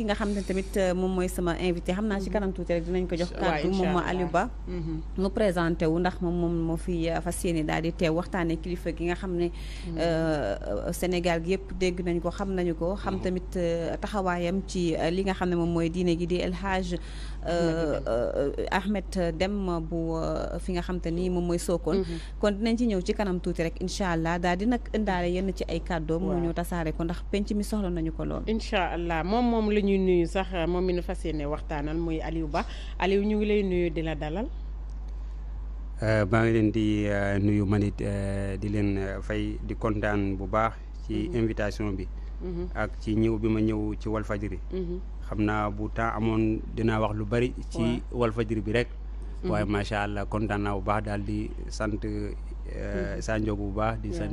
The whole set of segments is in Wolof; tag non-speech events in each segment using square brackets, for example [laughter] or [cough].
ki nga xam ne tamit euh, moom mooy sama invité xam naa ci kanam tuuti rek dinañ ko jox kàddu moom ma Aliou Ba mhm. mu présenté wu ndax moom moom moo fi euh, fas yéene daal di teew waxtaane kilifa gi nga xam ne mhm. euh, Sénégal yëpp dégg nañ ko xam nañu ko xam mhm. tamit taxawaayam ci li nga xam ne moom mooy diine gi di El Hadj Ahmed Dem bu fi nga xam te moom mooy Sokone kon dinañ ci ñëw ci kanam tuuti rek incha allah daal di nag indaale ci ay kàddoom mu mi soxla nañu ñuy nuyu sax moom mi nu fas yéene waxtaanal muy Aliou Ba Aliou ñu ngi lay nuyu di la dalal. Euh, maa ngi leen di euh, nuyu man it euh, di leen fay di kontaan bu baax. ci mhm. invitation bi. Mhm. ak ci ñëw bi ma ñëw ci Walfadjri. Mhm. xam naa bu temps amoon dinaa wax lu bari. ci Walfadjri bi rek. waaye macha allah kontaan bu baax daal di sant Sa euh, mhm. Ndiogou bu baax di sant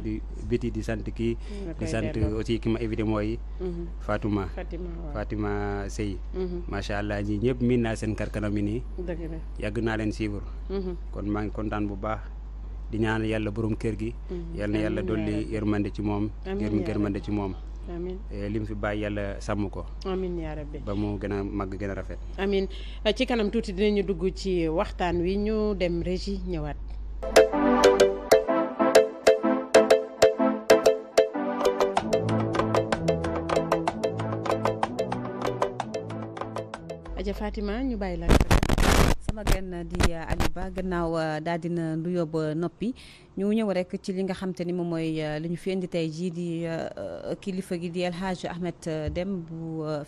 biti di sant kii mm, di sant aussi ki ma évité mooy mhm. Fatima Fatima Sey mhm. macha allah ñi ñëpp miin naa seen karkanam yi nii yàgg naa leen suivre kon maa ngi kontaan bu baax di ñaan yàlla borom kër gi yal na yàlla dolli yërmande ci moom yërmande ci moom eh, li mu fi bàyyi yàlla sàmm ko. amin ba mu gën a màgg a rafet. amin ci kanam tuuti dinañu dugg ci waxtaan wi ñu dem régie ñëwaat. Adja Fatima ñu bàyyi la sama gan di uh, Aliou Ba gannaaw uh, daal dina nuyoo ba noppi ñu ñëw rek ci li nga xam te ni moom mooy uh, li ñu fi indi tey jii di kilifa gi di El Hadj Ahmed bu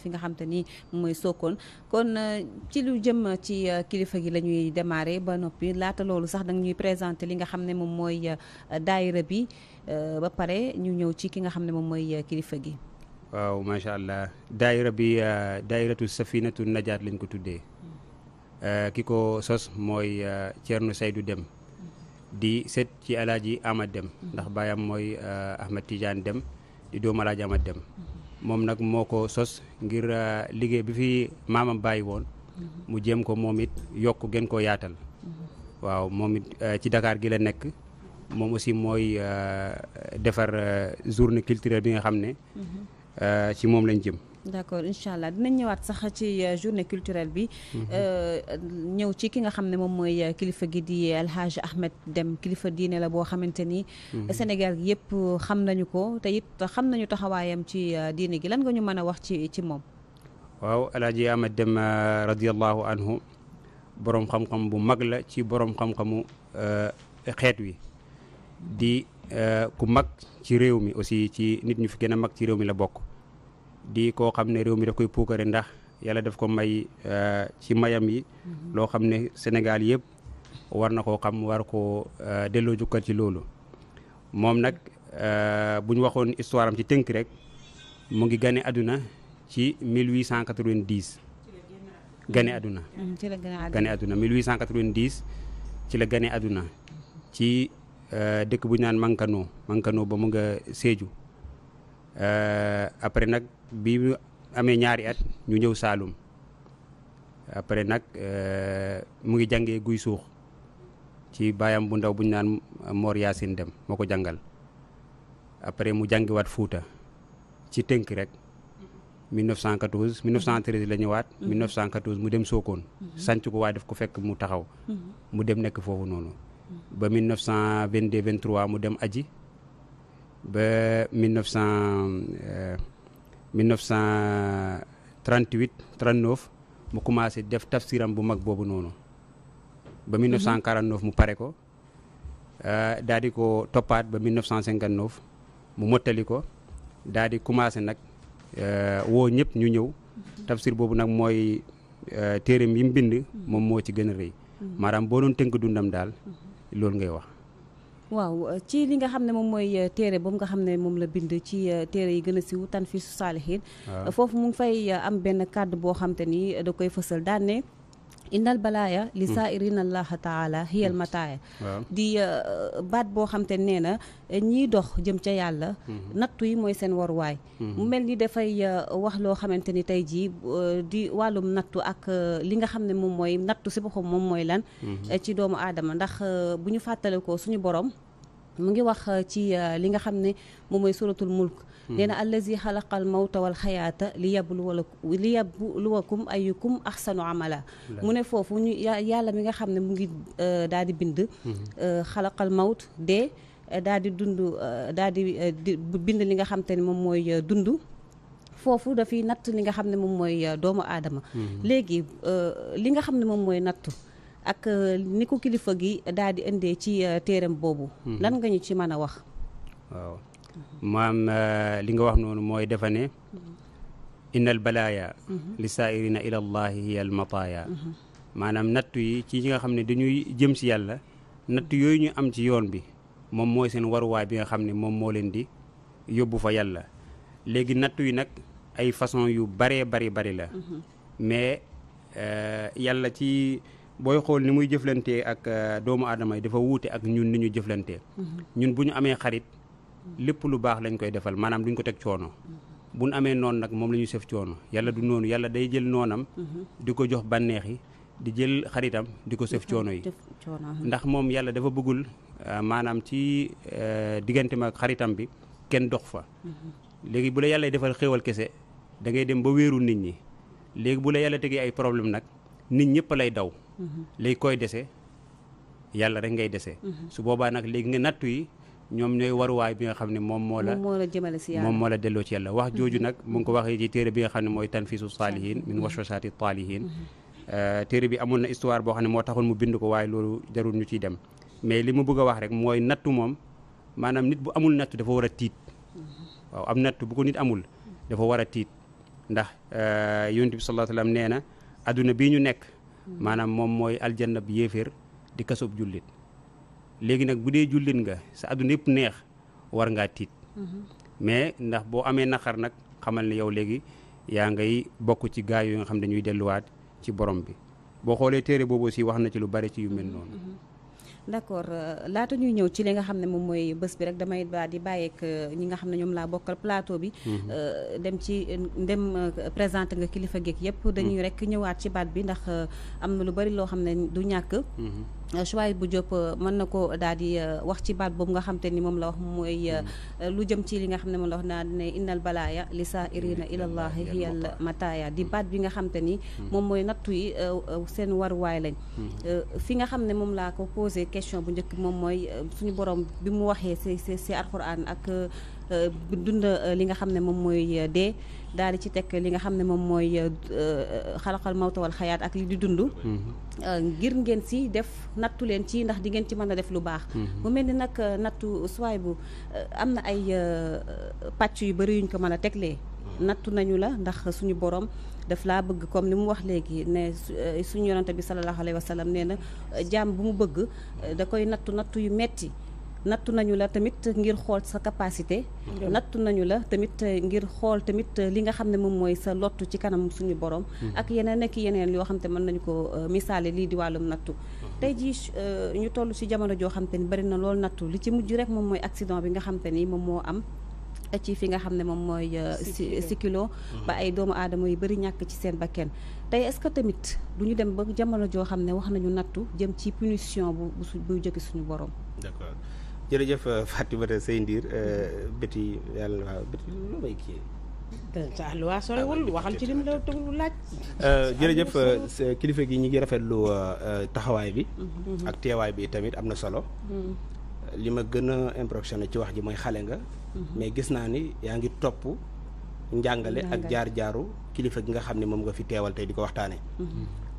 fi nga xam ni mooy Sokone kon ci lu jëm ci kilifa gi la ñuy démarrer ba noppi laata loolu sax danga ñuy présenter li nga xam ne moom mooy daayira bi ba pare ñu ñëw ci ki nga xam ne moom mooy kilifa gi. waaw macha allah daayira bi eh, daayiratu safinatu najaat lañ ko tuddee eh, ki ko sos mooy Thierno eh, Seydou Dem di set ci alaaji Amad Dem ndax baayam mooy Ahmad Tidiane Dem di doomu alaaji Amad Dem moom nag moo ko sos ngir liggéey bi fi maamam bàyyi woon mu jëm ko moom it yokk gën koo yaatal waaw moomit ci Dakar gi la nekk moom aussi mooy defar journée culturelle bi nga xam ne Euh, ci moom lañ jëm. d'accord incha allah dinañ ñëwaat sax ci euh, journée culturelle bi. Mhm. Euh, ñëw ci ki nga xam ne moom mooy kilifa gi di El Hadj Ahmed Deme kilifa diine la boo xamante ni. Mhm. Sénégal yépp xam nañu ko te it xam nañu taxawaayam ci diine gi lan nga ñu mën a wax ci ci moom. waaw El Hadj Ahmed Deme radiyallahu anhu boroom xam-xam bu mag la ci borom xam-xamu xeet wi di ku mag ci réew mi aussi ci nit ñu fi gën a mag ci réew mi la bokk. di koo xam ne réew mi daf koy puukare ndax yàlla def ko may euh, ci mayam yi mm-hmm. loo xam ne Sénégal yëpp war na koo xam war ko euh, delloo jukkal ci loolu moom nag euh, bu ñu waxoon histoire am ci tënk rek mu ngi gane àdduna ci 1890 mm-hmm. gane àdduna gane àdduna 1890 ci la gane àdduna ci dëkk bu ñu naan Mankano Mankano ba mu nga Sédhiou Euh, après nag bi mu amee ñaari at ñu ñëw Saalum après nag euh, mu ngi jàngee guy suux ci baayam bu ndaw bu ñu naan Mor Yacine Dem moo ko jàngal après mu jàngiwaat Fuuta ci tënk rek 1914 1913 la ñëwaat. 1914 mhm. mu dem Sokone. Mhm. sanc ko waa def ko fekk mu taxaw. Mhm. mu dem nekk foofu noonu. ba 1922 23 mu dem aji ba 1900 trent 39 mu commencé def tafsiram bu mag boobu noonu ba 1949 mhm. mu pare ko euh, daal di ko toppaat ba 1959 mu mottali ko daal di commencé nag euh, woo ñëpp ñu ñëw mhm. tafsir boobu nag mooy euh, téereem yi mu bind mhm. moom moo ci gën a rëy maanaam boo doon tënk dundam daal loolu ngay wax waaw ci li nga xam ne moom mooy euh, téere mu nga xam ne moom la bind ci euh, téere yi gën a siw tan fii su saalihiin ah. foofu mu fay euh, am benn kàddu boo xam te ni da koy fësal daan innal balaaya li saa'irina allaha taala hiyal mataaya di uh, baat boo xam te nee na ñiy dox jëm ca yàlla mhm. nattu yi mooy seen waruwaay mhm. mu mel ni dafay uh, wax loo xamante ni tey jii uh, di wàllum nattu ak li nga xam ne moom mooy nattu si boppam moom mooy lan mhm. eh, ci doomu aadama ndax bu ñu fàttale fàttalikoo suñu borom mu ngi wax euh, ci euh, li nga xam ne moom mooy suratul mulk hmm. nee na allazi xalaqal mawta wal xayaata li yabluwa li yabluwakum ayukum axsanu amala mu ne foofu yàlla mi nga xam ne mu ngi euh, daal di bind hmm. xalaqal mawt dee daal di dund daal di bind li nga xam te ne moom mooy dund foofu dafiy natt li nga xam ne moom mooy doomu aadama hmm. léegi li nga xam ne moom mooy nattu ak euh, ni ko kilifa gi daal di indee ci euh, téeram boobu. Mhm. lan nga ñu ci mën a wax. waaw maam euh, li nga wax noonu mooy dafa ne. Mhm. inna al balaaya mhm. li saairina ila allahi hiya al maanaam nattu yi ci ñi nga xam ne dañuy jëm si yàlla nattu yooyu ñu am ci yoon bi moom mooy seen waruwaay bi nga xam ne moom moo leen di yóbbu fa yàlla léegi nattu yi nag ay façon yu baree bari bari la mais yàlla ci booy xool ni muy jëflantee ak euh, doomu aadama yi dafa wuute ak ñun ni ñu jëflantee mm-hmm. ñun bu ñu amee xarit lépp lu baax lañ koy defal maanaam duñ ko teg coono mm-hmm. bu ñu amee noonu nag moom la ñuy sëf coono yàlla du noonu yàlla day jël noonam mm-hmm. di ko jox bànneex yi di jël xaritam di ko sëf coono yi uh-huh. ndax moom yàlla dafa bëggul euh, maanaam ci euh, digganteem ak xaritam bi kenn dox fa léegi bu la yàlla defal xéewal kese da ngay dem ba wéeru nit ñi léegi bu la yàlla tegee ay problème nag nit ñëpp lay daw léegi koy dese yàlla rek ngay dese. Mhm. su boobaa nag léegi nga nattu yi ñoom ñooy waruwaay bi nga xam ne moom moo la moom moo la delloo ci yàlla wax jooju mhm. nag mu ngi ko waxee ci téere bi nga xam ne mooy tanfisu saalihin min mhm. waswasaati taalihin euh, téere bi amoon na histoire boo xam ne moo taxoon mu bind ko waaye loolu jarul ñu ci dem mais li mu bëgg a wax rek mooy nattu moom maanaam nit bu amul nattu dafa war a tiit waaw am nattu bu ko nit amul dafa war a tiit ndax euh, yonent bi sallallahu nee na adduna bii ñu nekk maanaam moom mooy aljanna bu yéeféer di kasob jullit léegi nag bu dee jullit nga sa àdduna yëpp neex war ngaa tiit mm-hmm. mais ndax boo amee naqar nag xamal ne yow léegi yaa ngay bokk ci gaay yi nga xam ne dañuy delluwaat ci borom bi boo xoolee téere boobu aussi wax na ci lu bari ci yu mel noonu mm-hmm. d'accord euh, laata ñuy ñëw ci li nga xam ne moom mooy bés bi rek damay baa di bàyyeek euh, ñi nga xam ne ñoom laa bokkal plateau bi. Mhm. Euh, dem ci dem présenté nga kilifa géeg yépp. Mhm. dañuy rek ñëwaat ci baat bi ndax am na lu bari loo xam ne du ñàkk. Mhm. Euh, Chouaïbou Diop euh, mën na ko daal di euh, wax ci baat boobu nga xam ni moom la wax mooy mm. lu jëm ci li nga xam ne moom la wax naa ne innal balaaya li saa irina mm. ilallahi hiyal mataaya di mm. baat bi nga xam ni moom mooy nattu yi seen waruwaay lañ fi nga xam ne moom laa ko posé question bu njëkk moom mooy suñu borom bi mu waxee si si si alxuraan ak Euh, dund euh, li nga xam ne moom mooy euh, dee daal di ci tekk li nga xam ne moom mooy xalaqal mawta wal xayaat ak li di dund mm-hmm. ngir ngeen si def nattu leen ci ndax di ngeen ci mën a def lu baax mm-hmm. mu mel ni nag nattu suwaay bu am na ay pàcc yu bëri yuñ ko mën a teglee mm-hmm. nattu nañu la ndax suñu borom def laa bëgg comme ni mu wax léegi ne suñu yonante bi sallallahu alayhi wa nee na jaam bu mu bëgg da koy nattu nattu yu metti nattu nañu la tamit ngir xool sa capacité nattu nañu la tamit eh, ngir xool tamit eh, li nga xam ne moom mooy sa lottu ci kanam suñu borom hmm. ak yeneen ak yeneen yoo xam te mën nañu ko eh, misaale lii di wàllum nattu hmm. tey jii ñu toll ci jamono joo xam ni bari na loolu nattu li ci mujj rek moom mooy accident bi nga xam ni moom moo am ci fi nga xam ne moom mooy si kilo hmm. ba ay doomu aadama yu bëri ñàkk ci seen bakken tey est-ce que tamit du ñu dem ba jamono joo xam ne wax nañu nattu jëm ci punition bu bu jóge suñu borom jërëjëf euh, Fatimata Seye Ndir euh, béti yàlla kii. sa ah, ci lim la tëglu euh, jërëjëf kilifa gi ñu ngi rafetlu taxawaay bi. Mhm. Mm-hmm. ak teewaay bi tamit am na solo. Mm-hmm. li ma gën a impressionné ci wax ji mooy xale nga. Mm-hmm. mais gis naa ni yaa ngi topp njàngale ak jaar jaaru kilifa gi nga xam ne moom nga fi teewal tey di ko waxtaanee.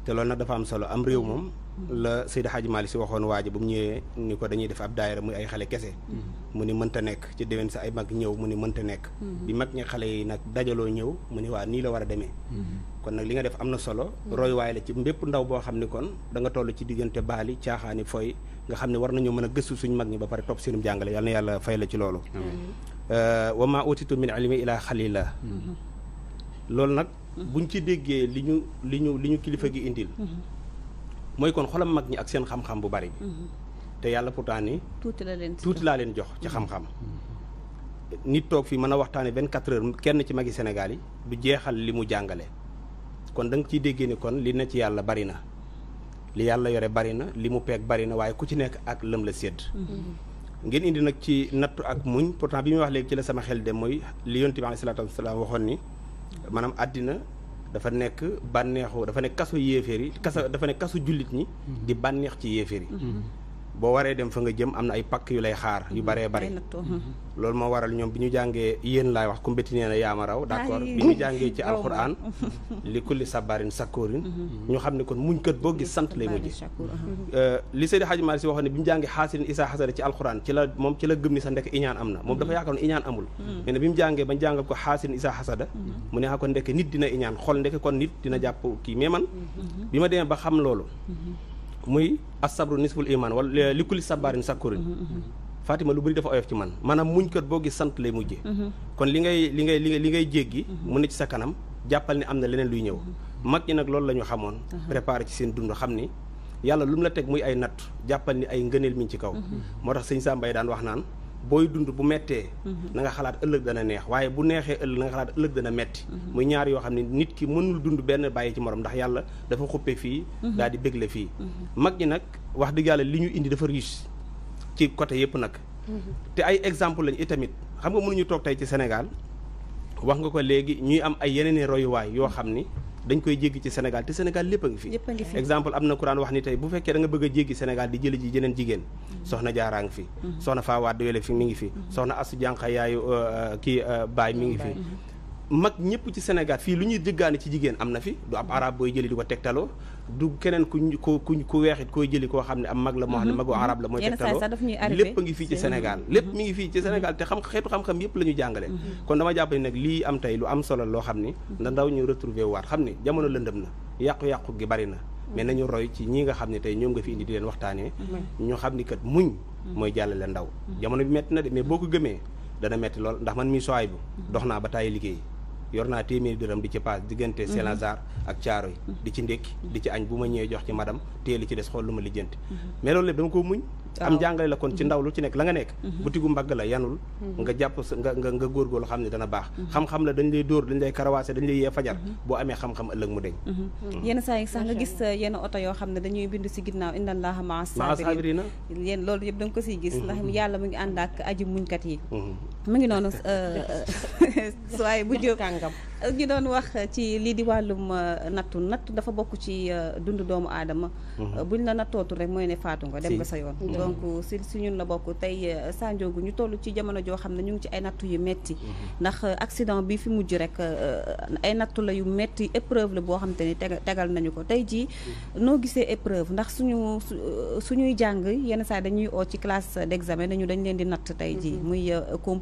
te loolu nag dafa am solo am réew moom la Seydi Hadji Malick si waxoon waa ji ba mu ñëwee ni ko dañuy def ab daayira muy ay xale kese mm-hmm. mu ni mënta nekk ci déwén sa ay mag ñëw mu ni mënta nekk mm-hmm. bi mag ñi xale yi nag dajaloo ñëw mu ni waa nii la war a demee mm-hmm. kon nag li nga def am na solo waaye la ci bépp ndaw boo xam ni kon da nga toll ci diggante baali caaxaani fooy nga xam ne war nañu mën a gëstu suñu mag ñi ba pare topp seenum jàngale yal yàlla fay la ci loolu euh, wa ma utitu min ilmi ilaa xalila loolu nag buñ ci déggee li ñu li ñu li ñu kilifa gi indil mooy kon xolam mag ñi ak seen xam-xam bu bari bi mhm. te yàlla pourtant ni tuuti la leen tuuti laa leen jox ci mhm. xam-xam mhm. nit toog fii mën a waxtaane benn quatre heures kenn ci magi Sénégal yi du jeexal li mu jàngale kon danga nga ciy déggee ni kon li na ci yàlla bari na li yàlla yore bari na li mu peeg bari na waaye ku ci nekk ak lëm la sédd ngeen indi nag ci nattu ak muñ pourtant bi muy wax léegi ci la sama xel de mooy li yonent bi alayhi salaatu waxoon ni maanaam àddina dafa nekk bànneexu dafa ne kasu yéeféer yi kasa dafa ne kasu jullit ñi di bànneex ci yéeféer yi mm-hmm. boo waree dem fa nga jëm am na ay pakk yu lay xaar yu mhm. baree bare mhm. mhm. loolu moo waral ñoom bi ñu jàngee yéen laay wax kumbéti nee na yaama raw d'accord bi ñu jàngee ci alxuraan [laughs] li kulli sabarin sakoorin ñu xam ne kon muñ kët boo gis sant lay mujj euh, li Seydi Hadji Malick Sy waxoon ne bi mu jàngee xaasirin isa xasara ci alxuraan ci la moom ci la gëm ni sa ndekk iñaan am na moom dafa yaakaaroon iñaan amul mais ne bi mu jàngee bañ jàngal ko xaasirin isa xasada mu ne ah nit dina iñaan xol ndekk kon nit dina jàpp kii mais man bi ma demee ba xam loolu muy asabru nisful iman wala li kulli sabarin sakkurin mm-hmm, mm-hmm. faatima lu bëri dafa oyof ci man maanaam muñ boo gis sant lay mujje mm-hmm. kon li ngay li ngay li ngay jéggi mu ne ci sa kanam jàppal ne am na leneen luy ñëw mag ñi nag loolu la ñu xamoon uh-huh. préparé ci seen dund xam ni yàlla lu mu la teg muy ay natt jàppal ni ay ngëneel mi ci kaw moo tax sëñ Samba daan wax naan booy dund bu mettee mhm. na nga xalaat ëllëg dana neex waaye bu neexee ëllëg na nga xalaat ëllëg dana metti mhm. muy ñaar yoo xam ne nit ki mënul dund benn bàyyi ci morom ndax yàlla dafa xuppe fii mhm. daal di bégle fii mag ñi nag wax dëgg yàlla li ñu indi dafa riche ci côté yëpp nag te ay exemple lañ itamit xam nga mënuñu toog tey ci Sénégal wax nga ko léegi ñuy am ay yeneen royuwaay yoo xam ni dañ koy jéggi ci senegal te senegal lépp a ngi fi exemple am na ku daan wax ni tey bu fekkee da nga bëgg a jéggi Sénégal di jëli ji jeneen jigéen mm-hmm. soxna jaaraa ngi fi mm-hmm. soxna faa waat doyale fi mu ngi fi mm-hmm. soxna asu jànqa yaayu uh, uh, kii uh, baay mi ngi fi mag ñëpp ci senegal fii lu ñuy jëggaane ci jigéen am na fi du ab arab booy jëli di ko tegtaloo du keneen ku ku kuñ ku weexit koo jëli koo xam ne am mag la moo xam ne mhm. magu arab la mooy tegtaloo lépp a ngi fii ci Sénégal lépp mu mhm. ngi fii ci Sénégal te xam xeetu xam-xam yëpp la ñu jàngale mhm. kon dama jàpp ne nag lii am tey lu am solo loo xam ni na ndaw ñu retrouver waat xam ne jamono lëndëm na yàqu-yàqu gi bari na mais nañu roy ci ñii nga xam ne tey ñoom nga fi indi di leen waxtaanee ñu xam ni kat muñ mooy jàllale ndaw jamono bi metti na de mais boo ko gëmee dana metti lool ndax man mi soaay bu dox naa ba tàyyi liggéey yor naa téeméer dërëm di ci paas diggante mhm. Saint-Lazare ak Thiaroye mhm. di ci ndékki di ci añ bu ma ñëwee jox ci madam tée ci des xool lu ma lijjanti mhm. mais loolu lépp ko la kon ci ndaw ci nekk la nga nekk butigu mbagg la yanul nga jàpp nga nga nga góorgóorlu ne dana baax xam-xam la dañ lay dóor dañ lay karawaase dañ lay yee yoo xam ne si da nga ko siy gis ndax yàlla mu ngi ànd ak aji muñkat yi mu ngi noonu euh, euh, [laughs] waaye bu jóg ñu doon wax ci lii di wàllum euh, nattu nattu dafa bokk ci dund doomu aadama mhm. buñ la nattootu rek mooy ne faatu nga dem nga sa yoon mhm. donc si si ñun la bokk tey sandiogu ñu toll ci jamono joo xam ne ñu ngi ci ay nattu yu metti mhm. ndax accident bi fi mujj rek ay nattu la yu metti épreuve la boo xam te ni tegal nañu ko tey jii noo gisee épreuve ndax suñu suñuy jàng yenn saa dañuy oo ci classe d'examen nañu dañ leen di natt tey jii muy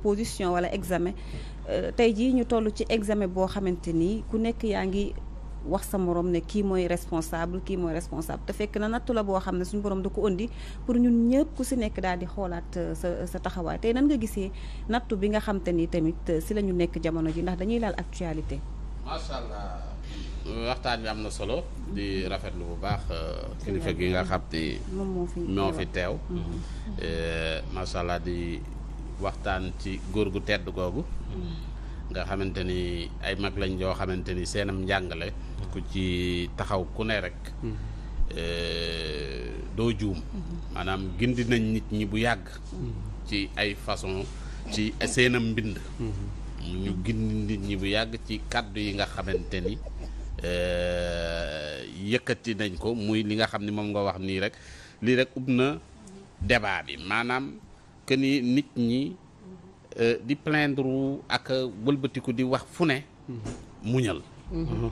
position wala examen euh, tey jii ñu toll ci examen boo xamante ni ku nekk yaa ngi wax sa morom ne kii mooy responsable kii mooy responsable te fekk na nattu la boo xam ne suñu borom da ko indi pour ñun ñëpp ku si nekk daal di xoolaat euh, sa sa taxawaay tey nan nga gisee nattu bi nga xam ni tamit euh, si la ñu nekk jamono ji ndax dañuy laal actualité. macha allah bi am na solo. Mm-hmm. rafetlu bu baax. kilifa gi nga xam ni. moom moo fi teew moo fi mm-hmm. di. waxtaan ci góor gu tedd googu nga xamante ni ay mag lañ yoo xamante ni seenam njàngale ku ci taxaw ku ne rek mm-hmm. doo juum maanaam gindi nañ nit ñi bu yàgg mm-hmm. ci ay façon ci seenam mbind mm-hmm. ñu gindi nit ñi bu yàgg ci kàddu yi nga xamante ni eh, yëkkati nañ ko muy li nga xam ni moom nga wax nii rek lii rek ub na débat bi maanaam que ni nit ñi euh, di plaindre ak wëlbatiku di wax fu ne muñal mm-hmm.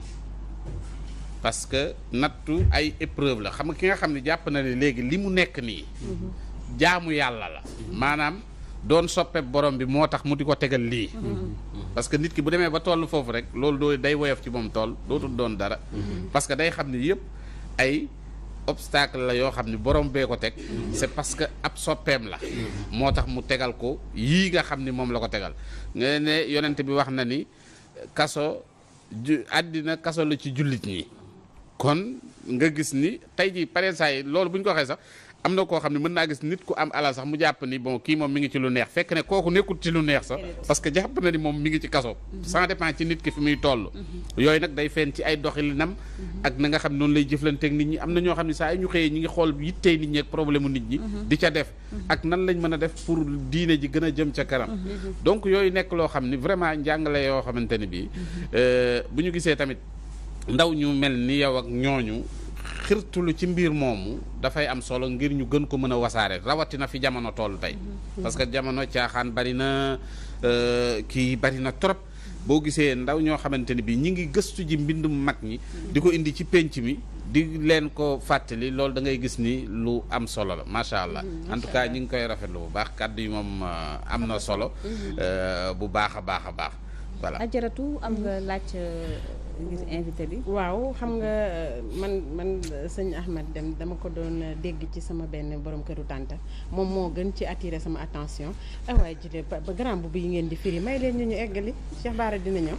parce que nattu ay épreuve la xam nga ki nga xam ne jàpp na ne léegi li mu nekk nii mm-hmm. jaamu yàlla la maanaam doon soppe borom bi moo tax mu di ko tegal lii mm-hmm. parce que nit ki bu demee ba toll foofu rek loolu doo day woyof ci moom tool dootul doon dara parce day xam ne yëpp ay obstacle la yoo xam ne borom bee ko teg c'est parce que ab soppeem la moo tax mu tegal ko yii nga xam ni moom la ko tegal nga ne yonent bi wax na ni kaso ju àddina kaso la ci jullit ñi kon nga gis ni tey jii pare saa yi loolu bu ñu ko waxee sax am na koo xam ne mën naa gis nit ku am alal sax mu jàpp ni bon kii moom mi ngi ci lu neex fekk ne kooku nekkul ci lu neex sax parce que jàpp na ni moom mi ngi ci kaso mhm. mhm. yooyu nag day fenn ci ay doxalinam mhm. ak na nga xam noonu lay jëflanteeg nit ñi am na ñoo xam ne saa yu ñu xëyee ñi ngi xool yittee nit ñi ak problème nit ñi di ca def ak nan lañ mën a def pour diine ji gën a jëm ca kanam donc yooyu nekk loo xam ne vraiment njàngale yoo xamante ne bii euh, bu ñu gisee tamit ndaw ñu mel ni yow ak ñooñu xirtulu ci mbir moomu dafay am solo ngir ñu gën ko mën a wasaare rawatina fi jamono toll tey mhm. parce que jamono caaxaan bari na euh, kii bari na trop boo gisee ndaw ñoo xamante ni bi ñi ngi gëstu ji mbind mu mag ñi di ko indi ci pénc mi di leen ko fàttali loolu da ngay gis ni lu am solo la macha allah mhm, en tout cas ñi ngi koy rafetlu bu baax kàddu yi moom euh, am na solo mhm. euh, bu baax a baax a baax voilà gis invité bi. waaw xam nga euh, man man euh, sëñ Ahmed Dem dama ko doon euh, dégg ci sama benn borom këru tànta moom moo gën ci attirer sama attention ay ah, waaye jile ba grand bu yi ngeen di firi may leen ñu ñu eggali Cheikh Bara dina ñëw.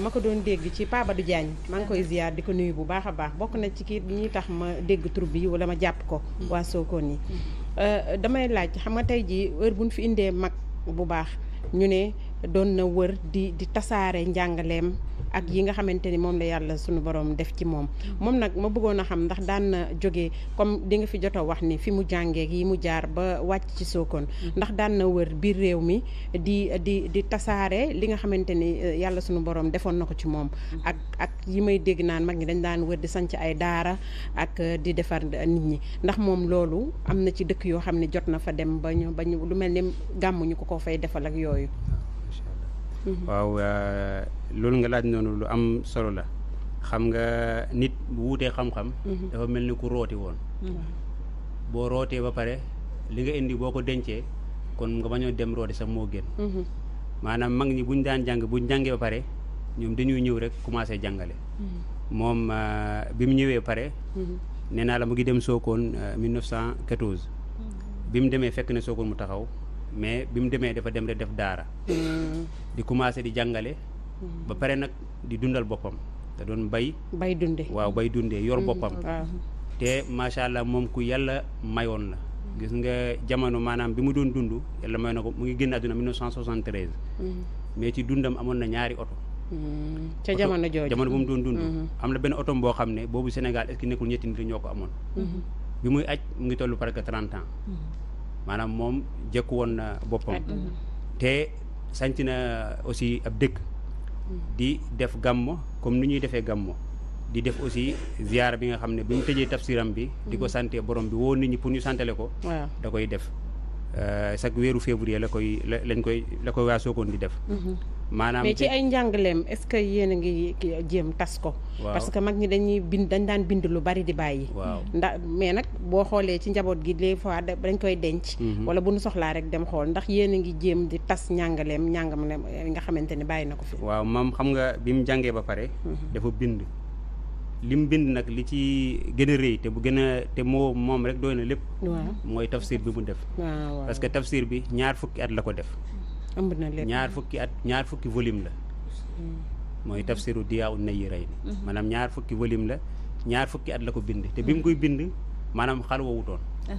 ma ko doon dégg ci Pabadou Diagne maa ngi koy ziar di ko nuyu bu baax a baax bokk na ci bi ñuy tax ma dégg tur bi wala ma jàpp ko. waa Sokone yi. damay laaj xam nga tey jii heure bu ñu fi indee mag bu baax ñu ne doon na wër di di tasaare njàngaleem. ak yi nga xamante ni moom la yàlla suñu borom def ci moom moom nag ma bëggoon a xam ndax daan na jógee comme di nga fi jot wax ni fi mu jàngee yi mu jaar ba wàcc ci Sokone mm-hmm. ndax daan na wër biir réew mi di di di tasaare li nga xamante ni eh, yàlla suñu borom defoon na ko ci moom mm-hmm. ak ak yi may dégg naan mag ñi dañ daan wër di sanc ay daara ak eh, di defar nit ñi ndax moom loolu am na ci dëkk yoo xam ne jot na fa dem ba ñu ba ñu lu mel ni gàmmu ñu ko ko fay defal ak yooyu Mhm. waaw euh, loolu nga laaj noonu lu am solo la xam nga nit bu wuutee xam-xam mhm. dafa mel ni ku rooti woon mhm. boo rootee ba pare li nga indi boo ko dencee kon nga bañoo dem rooti sax moo gën maanaam mag ñi buñ daan jàng buñ jàngee ba pare ñoom dañuy ñëw rek commencé jàngale moom euh, bi mu ñëwee pare nee naa la mu ngi dem Sokone 1914 euh, bi mu demee fekk na Sokone mu taxaw mais bi mu demee dafa dem rek def daara. Mm. di commencé di jàngale. Mm. ba pare nag di dundal boppam te doon bay. bay dundee waaw bay dundee yor mm. boppam. te macha allah moom ku yàlla mayoon la. gis nga jamono maanaam bi mu doon dund yàlla may na ko mu ngi génn àdduna 1973. mais ci dundam amoon na ñaari oto. ca jamono jooju jamono bu mu doon dund. Mm-hmm. am na benn oto boo xam ne boobu Sénégal est nekkul ñetti nit ñoo ko amoon. Mm-hmm. bi muy aj mu ngi toll presque 30 maanaam moom jëkku woon na boppam mm-hmm. te sanc na aussi ab dëkk mm-hmm. di def gàmmo comme ni ñuy defee gàmmo di def aussi ziar bi nga xam ne bi mu tëjee tafsiram bi di ko mm-hmm. sante borom bi woo nit ñi pour ñu santale ko da koy def euh, chaque weeru février la koy la lañ koy la koy waa koon di def maanaam ci ay njàngaleem est-ce que yéen a ngi jéem tas ko. parce que mag ñi dañuy bind dañ daan bind lu bari di bàyyi. waaw ndax mais nag boo xoolee ci njaboot gi des fois dañ koy denc. Mhm. wala bu nu soxlaa rek dem ndax yéen a ngi jéem di tas njàngaleem njàngam ne nga xamante ne bàyyi na ko fi. waaw maam xam nga bi mu jàngee ba pare. Mhm. dafa bind. li mu bind nag li ci gën a rëy te bu gën a te moo moom rek doy na lépp. mooy tafsir bi mu def. parce que tafsir bi ñaar fukki at la ko def. ëmb na lépp ñaar fukki at ñaar fukki volume la. Mm. mooy na Diyaawu rey maanaam ñaar fukki volume la ñaar fukki at la ko bind te bi mu koy bind maanaam xal wowutoon ah.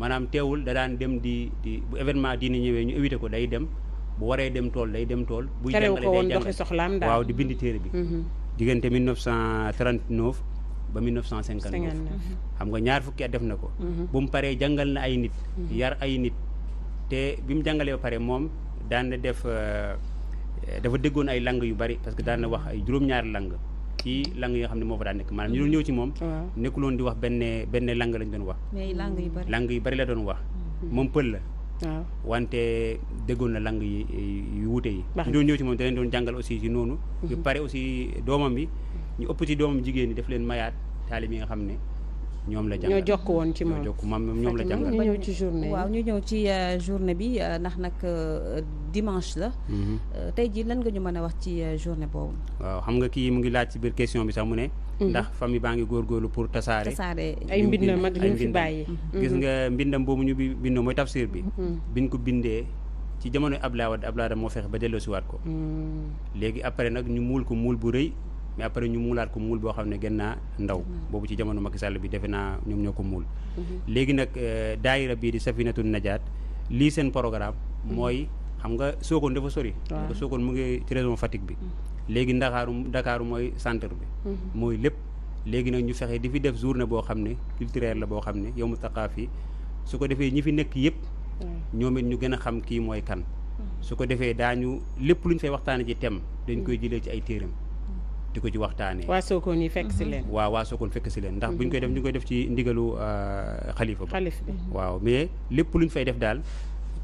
maanaam teewul da daan dem di di bu événement diine ñëwee ñu éviter ko day dem bu waree dem tool day dem tool buy jàngale day jàngale waaw di bind téere bi mm-hmm. diggante 1939 ba 1959 xam nga ñaar fukki at def na ko mm-hmm. bu mu paree jàngal na ay nit mm-hmm. yar ay nit te bi mu jàngalee pare moom daan na def euh, dafa déggoon ay lang yu bari parce que daan na wax ay juróom-ñaari langue ci langue yoo xam ne moo fa daa nekk maanaam ñu doon ñëw ci moom. nekkuloon di wax benn benn lang lañ doon wax. mais langue yu bari yu bari la doon wax. Mm-hmm. moom pël la. waaw wante déggoon na lang yi yu wuute yi. ñu doon ñëw ci moom da doon jàngal aussi ci noonu. yu mm-hmm. pare aussi doomam bi ñu ëpp ci doomam jigéen ñi def leen mayaat taalim yi nga xam ne. ñoom la jàngal ñoo jokk woon ci moom ñoom la jàngal ñu ñëw ci journée waaw ñu ñëw ci euh, journée bi euh, ndax nag euh, dimanche la. Mhm. tey jii lan nga ñu mën a wax ci journée boobu. waaw xam nga kii mu ngi laaj ci biir question bi sax mu ne. Mhm. ndax famille baa ngi góorgóorlu pour tasaare. tasaare ay mbindam ak li mu fi bàyyi. Mhm. gis nga mbindam boobu ñu bi bindoo mooy tafsir bi. biñ ko bindee. ci jamono Abdoulaye Wade Abdoulaye Wade moo fexe ba delloosiwaat ko. léegi après nag ñu muul ko muul bu rëy. mais après ñu muulaat ko muul boo xam ne gën naa ndaw boobu ci jamono Macky Sall bi defe naa ñoom ñoo ko muul mhm. léegi nag euh, daayira bii di Safinatoul Najaat lii seen programme mhm. mooy xam nga Sokone dafa sori nga Sokone mu ngi ci région Fatick bi mhm. léegi Ndakaaru Ndakaaru mooy centre bi mooy lépp léegi nag ñu fexe di fi def journée boo xam ne culturelle la boo xam ne yow mu taqaaf yi su ko defee ñi fi nekk yëpp ñoom it ñu gën a xam kii mooy kan su ko defee daañu lépp lu fay waxtaane ci thème dañ koy jëlee ci ay téeram di ko ci waxtaanee. waa Sokone fekk si mhm. leen. waaw waa Sokone fekk si leen ndax bu ñu mhm. koy def ñu koy def ci ndigalu euh, xalifa ba. bi waaw mais lépp lu ñu fay def daal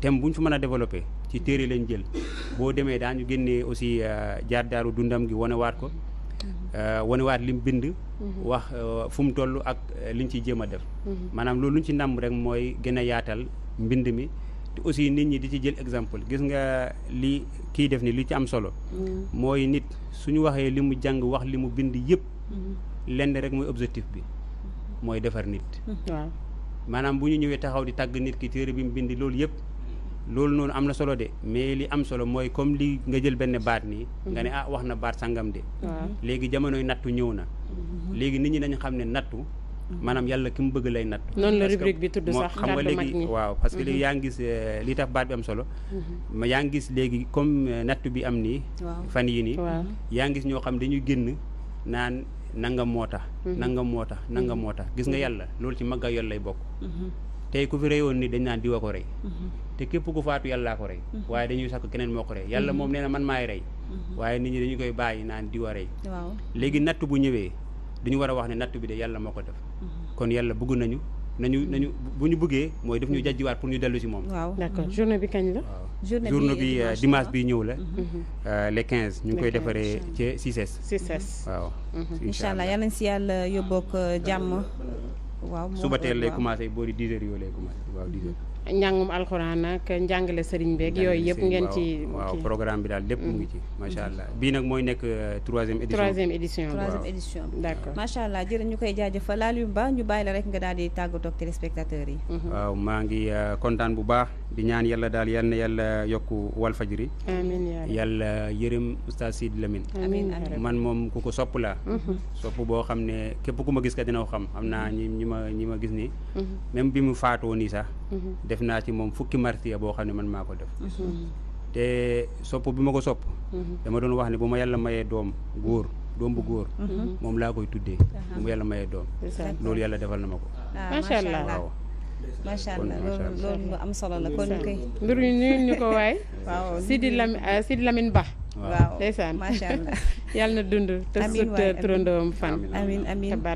thème bu ñu fa mën a développé ci téere lañ jël boo demee daañu génnee aussi euh, jaar daaru dundam gi wanewaat ko. Mhm. Euh, wanewaat lim bind. wax fu mu toll ak liñ ciy jéem a def. maanaam loolu luñ ci namm rek mooy gën yaatal mbind mi. te aussi nit ñi di ci jël exemple gis nga li kii def ni li ci am solo mm. mooy nit su ñu waxee li mu jàng wax li mu bind yëpp mm-hmm. lenn rek mooy objectif bi mooy defar nit mm-hmm. waaw maanaam bu ñu ñëwee taxaw di tàgg nit ki téere bi mu bind loolu yëpp loolu noonu am na solo de mais li am solo mooy comme li nga jël benn baat ni mm-hmm. nga ne ah wax na baat sangam de léegi jamonoy nattu ñëw na léegi nit ñi nañu xam ne nattu maanaam yàlla ki mu bëgg lay natt. noonu la rubrique bi tudd sax xam nga léegi waaw parce que léegi mm-hmm. yaa ngi gis euh, li tax baat bi am solo. Mm-hmm. ma yaa ngi gis léegi comme euh, natt bi am ni fan yii nii. yaa ngis ñoo xam dañuy génn naan nangam moo tax. Mm-hmm. nangam moo tax nangam moo tax gis nga yàlla loolu ci magga yoon lay bokk. tey ku fi reyoon ni dañ naan diwa ko rey. te képp ku faatu yàllaa ko rey. waaye dañuy sakk keneen moo ko rey yàlla moom nee na man maay rey. waaye nit ñi dañu koy bàyyi naan diwa rey. léegi natt bu ñëwee dañu war a wax ne natt bi de yàlla moo ko def. kon yàlla bëgg nañu nañu nañu bu ñu bëggee mooy daf ñu jàjjiwaat pour ñu dellu ci moom. waaw d'accord journée bi kañ la. journée bi euh, dimanche bi ñëw la. Mhm. Euh, les quinze ñu ngi koy defaree ci CICES. CICES waaw. Mhm. incha allah yal nañu si yàlla yóbboog euh, jàmm. waaw suba teel lay commencé boori 10 heures yoo lay commencé waaw 10 heures. njàngum alxuraan ak njàngale sëriñ beeg yooyu yëpp ngeen ci waaw bi daal lépp mu ngi ci mm-hmm. macha allah bii nag mooy nekk euh, troisième édition troisième édition troisième édition d'accord macha allah jërë ñu koy jaajëfal Aliou Ba ñu bàyyi la rek nga daal di tàggatoo ak téléspectateurs yi mm-hmm. maa ngi euh, kontaan bu baax di ñaan yàlla daal yal na yàlla yokku Walfadjri amiin yàlla yërëm oustaz Sidi Lamine man moom ku ko sopp la mm-hmm. sopp boo xam ne képp ku ma gis ka dina ko xam xam naa ñi ñi ma ñi ma gis ni même bi mu faatoo nii sax Mm-hmm. def naa ci moom fukki martiya boo xam ne man maa ko def mm-hmm. te sopp bi ma ko sopp mm-hmm. dama doon wax ne bu ma yàlla mayee doom góor doom bu góor moom laa koy tuddee uh-huh. bu ma yàlla mayee doom loolu yàlla defal na ma ko ah, macha allah waaw macha allah loolu loolu lu am solo la kon kay. mbir mi nuyu ñu ko waay. waaw Sidi Lamine euh, Sidi Lamine Ba. waaw ndeysaan [laughs] yàlla dund. amiin waay te surtout turandoom fan. amiin amiin